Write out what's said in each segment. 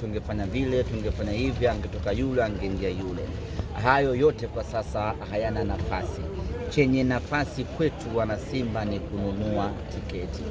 tungefanya vile, tungefanya hivi, angetoka yule, angeingia yule. Hayo yote kwa sasa hayana nafasi. Chenye nafasi kwetu wanasimba ni kununua tiketi.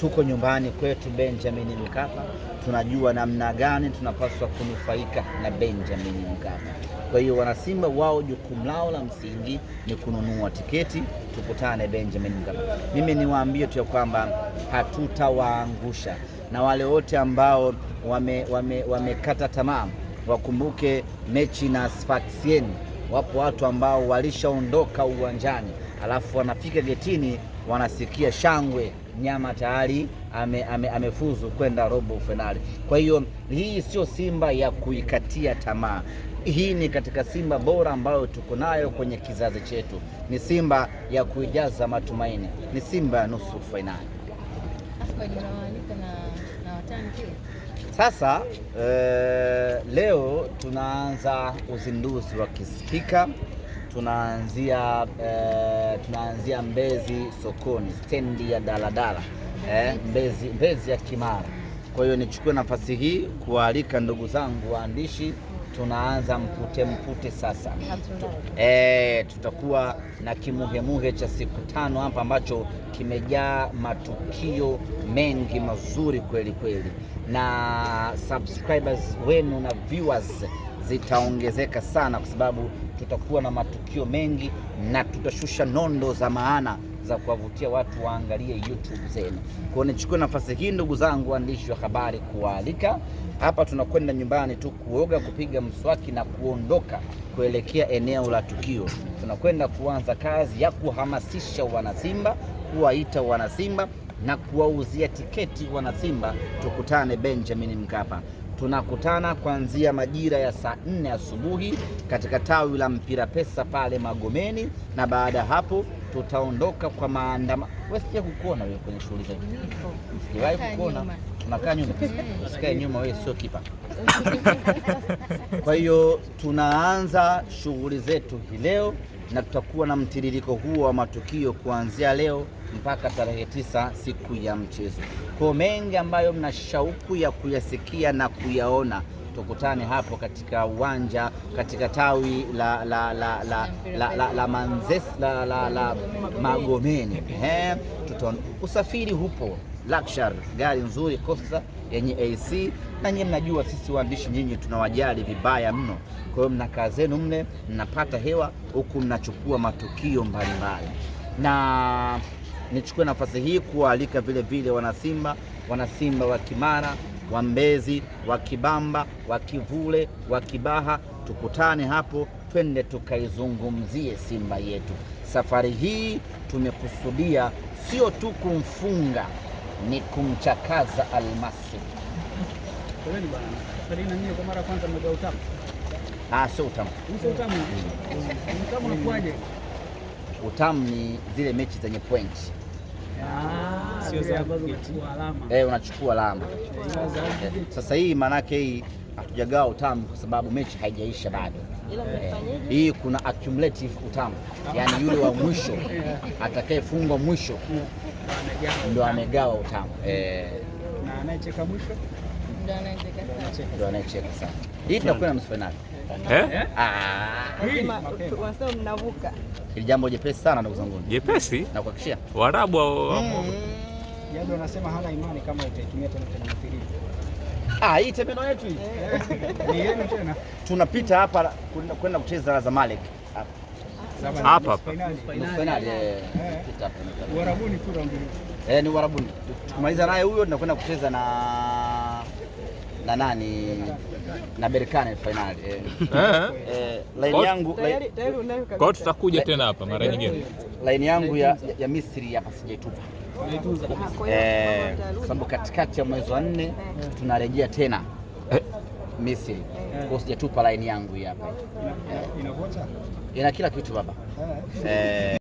Tuko nyumbani kwetu Benjamin Mkapa, tunajua namna gani tunapaswa kunufaika na Benjamin Mkapa. Kwa hiyo wanasimba, wao jukumu lao la msingi ni kununua tiketi, tukutane Benjamin Mkapa. Mimi niwaambie tu ya kwamba hatutawaangusha na wale wote ambao wamekata wame, wame tamaa wakumbuke mechi na Sfaxien. Wapo watu ambao walishaondoka uwanjani, alafu wanafika getini, wanasikia shangwe, nyama tayari ame, ame, amefuzu kwenda robo fainali. Kwa hiyo hii sio Simba ya kuikatia tamaa. Hii ni katika Simba bora ambayo tuko nayo kwenye kizazi chetu, ni Simba ya kuijaza matumaini, ni Simba ya nusu fainali. Sasa eh, leo tunaanza uzinduzi wa kispika tunaanzia eh, tunaanzia Mbezi sokoni stendi ya daladala eh, Mbezi, Mbezi ya Kimara. Kwa hiyo nichukue nafasi hii kuwaalika ndugu zangu waandishi tunaanza mpute mpute sasa. E, tutakuwa na kimuhemuhe cha siku tano hapa ambacho kimejaa matukio mengi mazuri kweli kweli, na subscribers wenu na viewers zitaongezeka sana, kwa sababu tutakuwa na matukio mengi na tutashusha nondo za maana za kuwavutia watu waangalie YouTube zenu. Kwa nichukue nafasi hii ndugu zangu waandishi wa habari kuwaalika hapa, tunakwenda nyumbani tu kuoga, kupiga mswaki na kuondoka kuelekea eneo la tukio. Tunakwenda kuanza kazi ya kuhamasisha wanasimba, kuwaita wanasimba na kuwauzia tiketi wanasimba. Tukutane Benjamin Mkapa. Tunakutana kuanzia majira ya saa nne asubuhi katika tawi la Mpira Pesa pale Magomeni, na baada ya hapo tutaondoka kwa maandamano. Wewe sija kukuona wewe kwenye shughuli zetu, sijawahi kukuona unakaa nyuma. Mm. Usikae nyuma, wewe sio kipa. Kwa hiyo tunaanza shughuli zetu hii leo na tutakuwa na mtiririko huo wa matukio kuanzia leo mpaka tarehe tisa siku ya mchezo. Kwa mengi ambayo mna shauku ya kuyasikia na kuyaona tukutane hapo katika uwanja katika tawi la la la la la la la Manzes la la la Magomeni. Ehe, usafiri hupo luxury, gari nzuri kosa yenye AC na nyinyi mnajua sisi waandishi nyinyi tunawajali vibaya mno. Kwa hiyo mnakaa zenu mle mnapata hewa huku mnachukua matukio mbalimbali, na nichukue nafasi hii kuwaalika vile vile wanasimba wanasimba wa Kimara wa Mbezi, wa Kibamba, wa Kivule, wa Kibaha, tukutane hapo, twende tukaizungumzie Simba yetu. Safari hii tumekusudia sio tu kumfunga, ni kumchakaza Almasi. Ah, sio utamu. Mm. Mm. Utamu ni zile mechi zenye pointi Ah, eh, unachukua alama eh, sasa. Hii maanake hii hatujagawa utamu kwa sababu mechi haijaisha bado. Eh, hii kuna accumulative utamu, yaani yule wa mwisho atakayefungwa mwisho ndio amegawa utamu eh. Na mwisho ndio anayecheka sana. Hii tunakwenda nusu fainali. Eh? Eh? Ah. Ah. mnavuka hili jambo jepesi sana ndugu zangu, jepesi na kuhakikishia Waarabu mm. yaani wanasema hana imani kama utaitumia tena tena mithili. Ah, hii temeno yetu hii. Eh. Ni yenu tena. Tunapita hapa kwenda kucheza Zamalek hapa. Hapa hapa. Finali. Uarabuni Eh, ni Uarabuni. Tukimaliza naye huyo tunakwenda kucheza na na nani na Berkane finali eh. Eh, eh? eh yangu kwa hiyo tutakuja tena hapa mara nyingine. Line yangu ya, ya Misri hapa sijaitupa eh, sababu katikati ya mwezi wa nne eh. tunarejea tena Misri kwa sijatupa line yangu hapa, ina kila kitu baba eh.